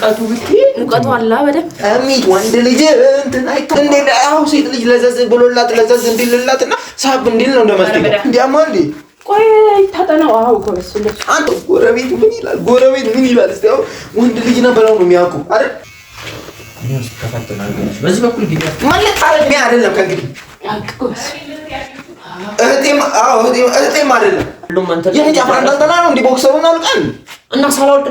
ሙቀቱ ብትይ ሙቀቱ አላ በደምብ እሚት ወንድ ልጅ እንትን አይቶ አሁን ሴት ልጅ ለዘዝ ብሎላት ለዘዝ እንዲልላት እና ሳብ እንዲል ነው እንደመስለኝ። እንዲያማ እንዴ ቆይ ልጅ አንተ ጎረቤት ምን ይላል? ጎረቤት ምን ይላል? እስቲ አሁን ወንድ ልጅ ነው ነው የሚያውቁ አይደል? በዚህ በኩል ግዴታ ማለት እህቴም አይደለም እንዲህ ቦክሰሩን አልቀን እና ሳላወልቅ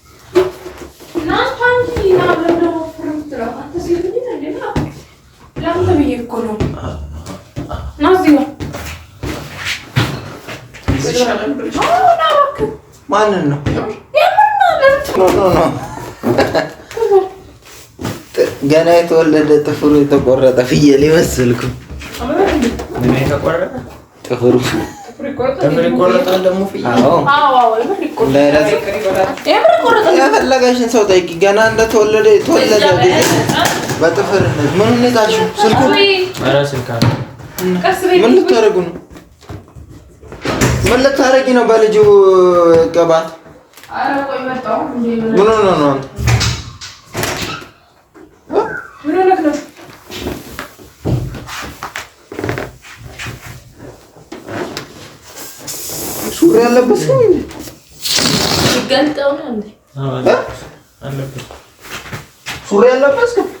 እኮ ነው። ና እዚህ ነው። ማንን ነው? ገና የተወለደ ጥፍሩ የተቆረጠ ፍየል ይመስልኩ። ጥፍሩ የፈለገሽን ሰው ጠይቂ። ገና እንደተወለደ የተወለደ በጥፍርነት ምን ነጣችሁ? ስልኩ ኧረ ስልካ ምን ልታረጉ ነው? ምን ልታረጊ ነው? በልጁ ቅባት ምን ነው ነው ሱሪ ያለበት ሱሪ ያለበት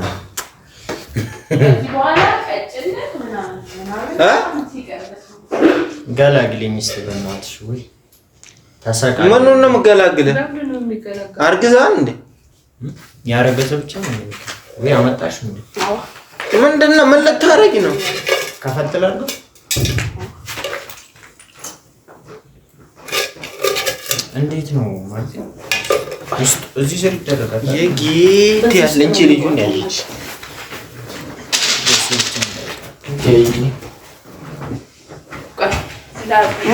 ገላግልኝ እስኪ በእናትሽ። ወይ ተሳካ። ምኑን ነው የምገላግልህ? አርግዛል እንዴ? ያረገዘ ብቻ ነው ወይ አመጣሽ እንዴ? ምንድን ነው? ምን ልታረጊ ነው? ከፈትላለሁ እንዴት ነው ማለት እዚህ ስር ይደረጋል። የጌት ያለች ልዩን ያለች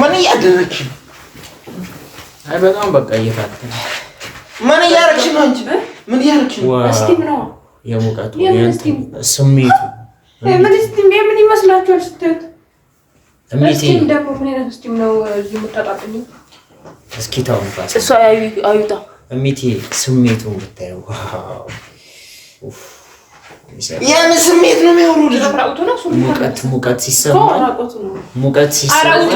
ምን እያደረግሽ ነው? አይ በጣም በቃ እየታተነ ምን እያደረግሽ ነው አንቺ? ምን እያደረግሽ ነው? የሙቀቱ ስሜቱ ምን ይመስላችኋል ስትሄድ? ደግሞ ምን አይነት ስቲም ነው እዚህ የምታጣጥኝ? እስኪ ተው እንኳን እሷ አዩታ እሚቴ ስሜቱ ብታየው ያን ስሜት ነው የሚያወሩት። ሙቀት ሙቀት ሲሰማ ሙቀት ሲሰማ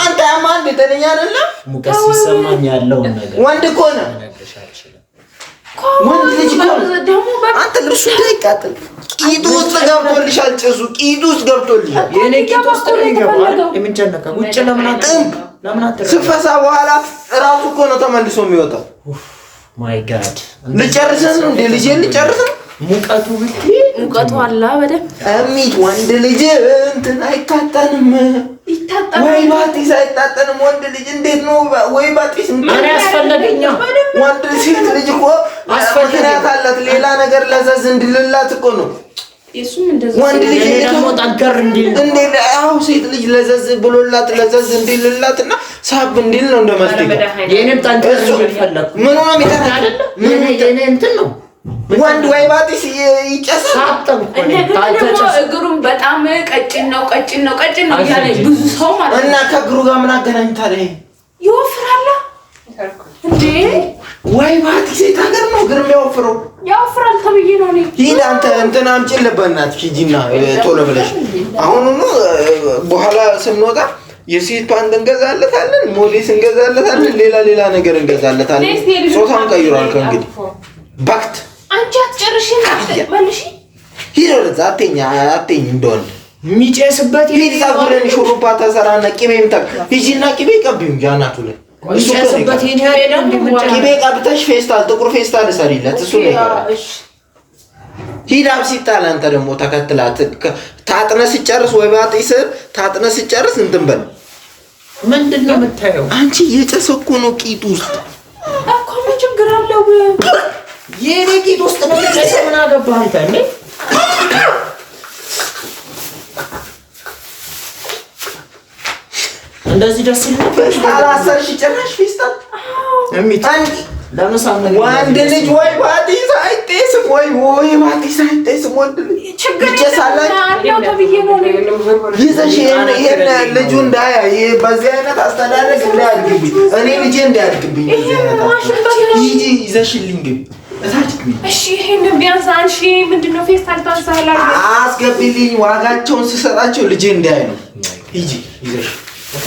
አንተ የተለኛ አይደለም። ሙቀት ሲሰማኝ ያለውን ነገር ወንድ እኮ ነው ወንድ ልጅ አንተ ልብሱ እንዳይቃጥል ቂጡ ውስጥ ገብቶልሻል፣ ጭሱ ቂጡ ውስጥ ገብቶልሻል። የእኔ በኋላ እራሱ እኮ ነው ተመልሶ የሚወጣው ማይ ጋድ ልጨርሰን ነው ልጄ ልጨርሰን ሙቀቱ ሙቀቱ አላ በደም እሚት ወንድ ልጅ እንትን አይታጠንም፣ ይታጠናል። ወይ ባጢስ አይታጠንም። ወንድ ልጅ እንዴት ነው? ወይ ባጢስ ምን ያስፈልገኛ? ወንድ ሴት ልጅ እኮ ምክንያት አላት። ሌላ ነገር ለዘዝ እንድልላት እኮ ነው ወንድ ልጅ አሁን ሴት ልጅ ለዘዝ ብሎላት ለዘዝ እንዲልላት እና ሳብ እንዲል ነው ወንድ ወይ ባጢስ ይጨሳል። እግሩም በጣም ቀጭን ነው ቀጭን ነው ቀጭን ነው እያለ ብዙ ሰው ማለት እና ከእግሩ ጋር ምን አገናኝታለህ? ይወፍራል እንዴ ወይ ማቲ ሴት ሀገር ነው ግርም ያወፍረው ያወፍራል ተብዬ ነው። ሂድ አንተ እንትን አምጪልህ በእናትህ ሂጂና ቶሎ ብለሽ አሁኑኑ። በኋላ ስንወጣ የሴቷን እንገዛለታለን፣ ሞዴስ እንገዛለታለን፣ ሌላ ሌላ ነገር እንገዛለታለን። ጾታን ቀይሯል ከእንግዲህ ባክት አንቺ አትጨርሽ መልሽ። ሂድ ወደዛ አትይኝ አትይኝ እንደሆነ የሚጨስበት ይሄ ጸጉርን ሹሩባ ተሰራና ቅቤም ሂጂና ቂቤ ቀቢው ጃናቱ ላይ ቅቤ ቀብተሽ ፌስታል፣ ጥቁር ፌስታል እሰሪለት። እሱ ሂዳብ ሲጣል አንተ ደግሞ ተከትላት። ታጥነ ሲጨርስ ወይ ባጢስ ታጥነ ሲጨርስ እንትን በል። ምንድን ነው የምታየው አንቺ? የጭስ እኮ ነው ቂጥ ውስጥ እኮ ምን ችግር አለው? የኔ ቂጥ ውስጥ ነው። ምን አገባህ አንተ? እንደዚህ ደስ አላሰርሽ ጭራሽ ፊስታል ወንድ ልጅ ወይ ባጢስ አይጤስም፣ ወይ ወይ ባጢስ አይጤስም። ወንድ ልጅ ይዘሽ ይሄን ልጁ እንዳያይ በዚህ አይነት አስተዳደግ እንዳያድግብኝ፣ እኔ ልጄ እንዳያድግብኝ ይዤ ይዘሽልኝ ግቢ እታች አስገቢልኝ። ዋጋቸውን ስሰጣቸው ልጄ እንዳያይ ነው። ይዤ oh ይዘሽ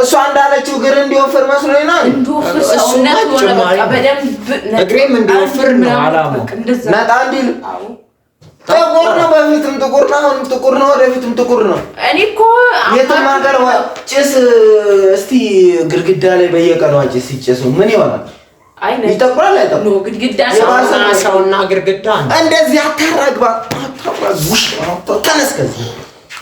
እሷ እንዳለችው እግር እንዲወፍር መስሎ ነው። እንዲወፍር ሆነ በቃ እግሬም እንዲወፍር ነው አላማው። ነጣ እንዲል ጥቁር ነው። በፊትም ጥቁር ነው፣ አሁንም ጥቁር ነው፣ ወደፊትም ጥቁር ነው። እኔ እኮ የትም ሀገር ጭስ፣ እስቲ ግድግዳ ላይ በየቀኑ ጭስ ሲጭሱ ምን ይሆናል? ይጠቁራል። አይጠቁም? ግድግዳ ሰውና ግድግዳ እንደዚህ አታራግባ፣ አታራግባ። ተነስ ከዚህ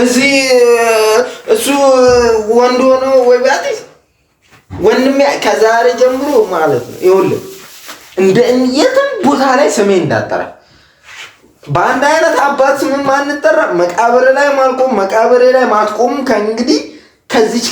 እዚህ እሱ ወንድ ሆኖ ወይ ቢያት ወንድም ከዛሬ ጀምሮ ማለት ነው ይኸውልህ፣ እንደ የትም ቦታ ላይ ስሜ እንዳጠራ በአንድ አይነት አባት ስም ማንጠራ መቃብር ላይ ማልቆም መቃብሬ ላይ ማትቆም ከእንግዲህ ከዚች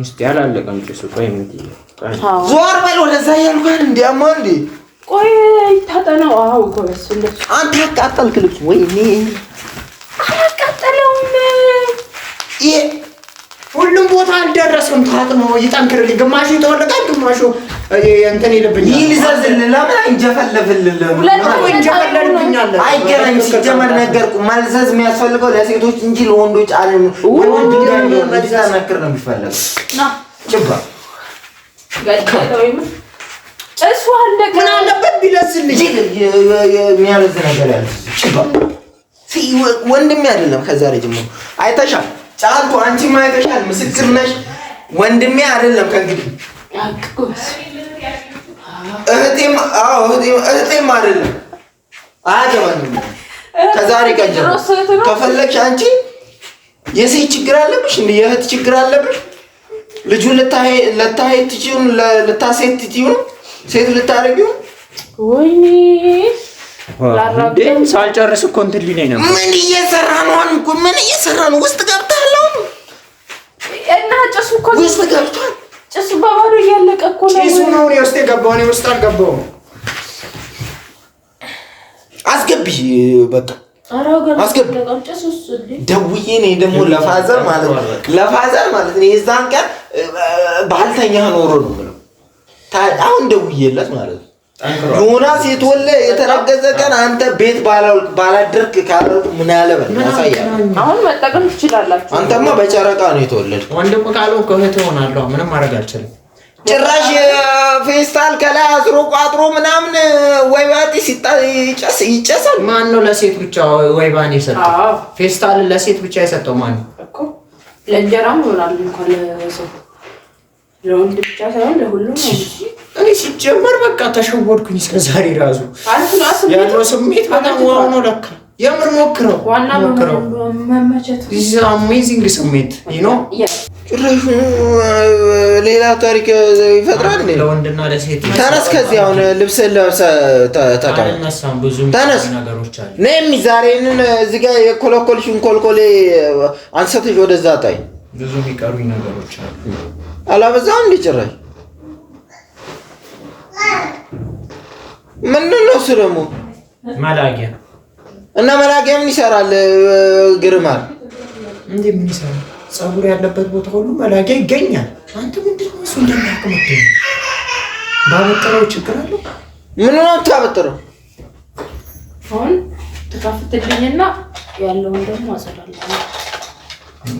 ውስጥ ያላለቀም ጭሱ። ቆይ ምን ዞር በል ወደዛ ያልኩህን እንዲያማ እንዴ ቆይ ታጠነው። አዎ ጎበስ እንደሱ አንተ አቃጠልክ ልብሱ ወይ እኔ አላቃጠለውም። ቦታ አልደረስም። ታጥኖ ይጠንክርልኝ። ግማሹ ይተወለቃል፣ ግማሹ እንትን ይልብኛል፣ ይልዘዝል። ለምን እንጀፈለፍልል? እንጀፈለልብኛለን። አይገናኝ። ሲጀመር ነገርኩ፣ መልዘዝ የሚያስፈልገው ለሴቶች እንጂ ለወንዶች አለ ወንድ መድዛናክር ነው የሚፈለገው። ጭባ እሱ አለ ምን አለበት ቢለስልኝ የሚያለዝ ነገር ያለ ጭባ ወንድሜ አይደለም። ከዛሬ ጀምሮ አይተሻል ጫልኩ አንቺ ማይተሻል ምስክር ነሽ። ወንድሜ አይደለም ከእንግዲህ እህቴም አዎ እህቴም አይደለም አያገባኝም። ከዛሬ ቀን ጀምሮ ከፈለግሽ አንቺ የሴት ችግር አለብሽ እንዴ? የእህት ችግር አለብሽ። ልጁን ልታይ ልታይ ትጪውን ልታሴት ሴት ልታረጊው ወይኔ ሳልጨርስ እኮ እንትን ሊለኝ ነበር። ምን እየሰራ ነው? ምን እየሰራ ነው? ውስጥ ጭሱ እኮ ውስጥ ገብቷል። ጭሱ በባዶ እያለቀ እኮ ነው። ጭሱ ነው እኔ ውስጥ የገባው። እኔ ውስጥ አልገባውም። አስገቢ በቃ አስገቢ። ደውዬ እኔ ደግሞ ለፋዘር ማለት ነው ለፋዘር ማለት ነው የዛን ቀን ባልተኛ ኖሮ ነው አሁን ደውዬለት ማለት ነው ዮናስ የተወለ የተረገዘ ቀን አንተ ቤት ባላደርክ ካላልኩ ምን ያለ በል ያሳያል። አሁን መጠቀም ትችላላችሁ። አንተማ በጨረቃ ነው የተወለድኩ። ወንድም ካለው ከእህት ሆናለሁ። ምንም ማድረግ አልችልም። ጭራሽ ፌስታል ከላይ አስሮ ቋጥሮ ምናምን ወይ ባጢ ይጨሳል። ማን ነው ለሴት ብቻ ወይ ባን የሰጠው? ፌስታል ለሴት ብቻ የሰጠው ማን ነው? ለእንጀራም ይሆናል እንኳን ለሰው ለወንድ ብቻ ሳይሆን ለሁሉም ነው። እኔ ሲጀመር በቃ ተሸወድኩኝ። እስከ ዛሬ ራሱ ያለው ስሜት በጣም ዋው ነው። ለካ የምር ሞክረው ሞክረው አሜዚንግ ስሜት ነው። ሌላ ታሪክ ይፈጥራል። ለወንድና ለሴት ተነስ፣ ከዚህ አሁን ልብስ ለብሰ ተነስ። ነሚ ዛሬንን እዚህ ጋር የኮለኮልሽን ኮልኮሌ አንሰትሽ ወደዛ ጣይ። ብዙ የሚቀሩኝ ነገሮች አሉ። አላበዛም እንዲጭራሽ ምንድን ነው እሱ ደግሞ መላጊያ እና መላጊያ ምን ይሰራል? ግርማል እንዴ ምን ይሰራል? ጸጉር ያለበት ቦታ ሁሉ መላጊያ ይገኛል። አንተ ምንድን ነው እሱ እንደሚያቀመጥ ባበጠረው ችግር አለው። ምን ነው ታበጠረው? አሁን ተካፍትልኝና ያለውን ደግሞ አጸዳለሁ።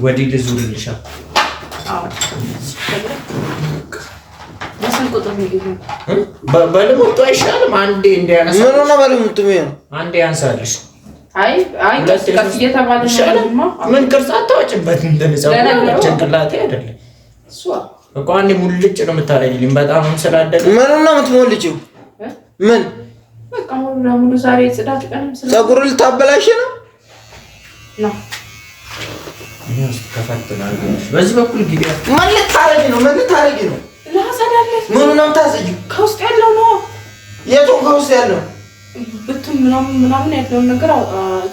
ወዲህ ልዙርልሻ። በልሙጡ አይሻልም? አንዴ እንዲያነሳ ምን ሆነ? በልሙጡ አንዴ ያንሳልሽ። አይ አይ ቀስ እየተባለ ምን ቅርጽ አታወጭበት። ጭንቅላቴ አይደለም እኮ አንዴ ሙልጭ ነው የምታደርጊልኝ። በጣም ስላደገ ምን ነው የምትሞልጭው? ምን ፀጉር ልታበላሽ ነው? በዚህ በኩል ምን ልታረጊ ነው? ምን ልታረጊ ነው? ምኑ ነው የምታዘጂው? ከውስጥ ያለው ነው። የቱን ከውስጥ ያለው? ብቱን ምናምን ምናምን ያለውን ነገር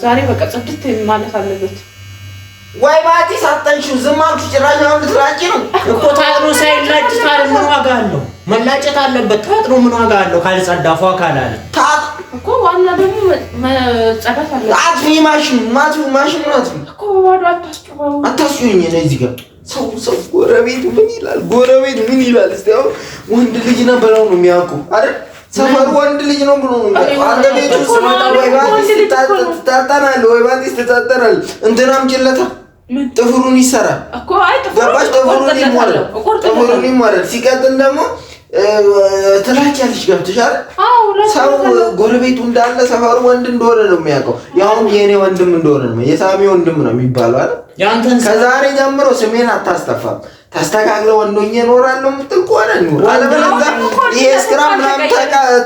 ዛሬ በቃ ጽድት ማለት አለበት። ወይ ባቲ ሳጠንሽው ዝም አልኩሽ። ጭራሽ ነው ልትላጭ ነው እኮ ታሩ ሳይላጭ ታር ምን ዋጋ አለው? መላጨት አለበት። ታጥሮ ምን ዋጋ አለው? ካልጸዳፏ አለ ታጥ እኮ ዋና ደግሞ መጸዳት አለበት። አጥፊ ማሽን ማሽን ነው። አጥፊ እኮ ባዶ አታስጨው፣ አታስጨውኝ እዚህ ጋር ሰው ሰው ጎረቤት ምን ይላል? ጎረቤት ምን ይላል? እስቲ አሁን ወንድ ልጅ ነው ብለው ነው የሚያውቁ አይደል? ሰፈሩ ወንድ ልጅ ነው ብሎ ነው የሚያውቁ። አንተ ቤቱ ስመጣ ወይ ባዲስ ትጣጠናለህ፣ ወይ ባዲስ ትጣጠናለህ። እንትናም ጭለታ ጥፍሩን ይሰራል። አይ፣ ጥፍሩን ይሞላል። ጥፍሩን ይሞላል። ሲቀጥል ደግሞ ትላኪያለሽ ገብተሽ አይደል ሰው ጎረቤቱ እንዳለ ሰፈሩ ወንድ እንደሆነ ነው የሚያውቀው። ያውም የእኔ ወንድም እንደሆነ ነው የሳሚ ወንድም ነው የሚባለው አይደል። ከዛሬ ጀምሮ ስሜን አታስጠፋም። ተስተካክለ ወንዶኝ እኖራለሁ የምትል ከሆነ አለበለዚያ ይሄ ስራ ምናምን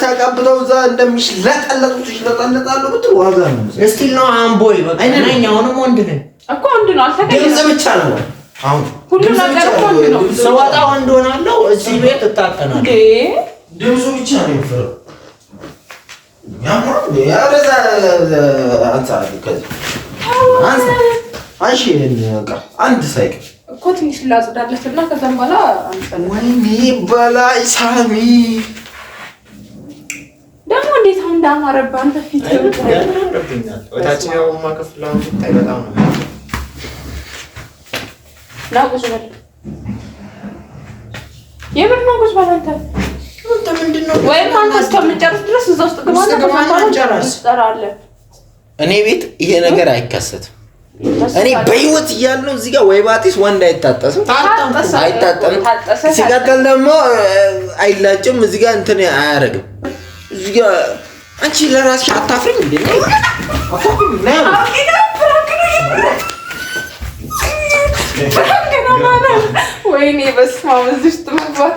ተቀብለው እዛ እንደሚሽለጠለጡት ይሽለጠለጣሉ ብትል ዋጋ ነው ስቲል ነው አምቦይ በቃ ነኝ። አሁንም ወንድ ነኝ እኮ ወንድ ነው። አልተቀየረ ድምፅ ብቻ ነው አሁን ሁሉ ነገር ወንድ ነው። ስወጣ ወንድ ሆናለሁ፣ እዚህ ቤት እታጠናለሁ። ድምፁ ብቻ ነው የሚፈረው። አንድ ሳይቅ እኮ ትንሽ ላጽዳለት እና ከዛም በኋላ ወይኔ በላይ ሳሚ ደግሞ እንዴት እንዳማረብህ አንተ ፊት የምር ነው ቁጭ በል አንተ። ወይም አንተ እስከምንጨርስ ድረስ እዛ ውስጥ ግባ እኔ ቤት ይሄ ነገር አይከሰትም። እኔ በህይወት እያለሁ እዚህ ጋር ወይ ባጢስ ወንድ አይታጠስም፣ አይታጠም። ሲቀጥል ደግሞ አይላጭም። እዚህ ጋር እንትን አያደርግም። እዚህ ጋር አንቺ ለራስሽ አታፍሪም? ወይኔ በስመ አብ እዚህ ውስጥ መግባት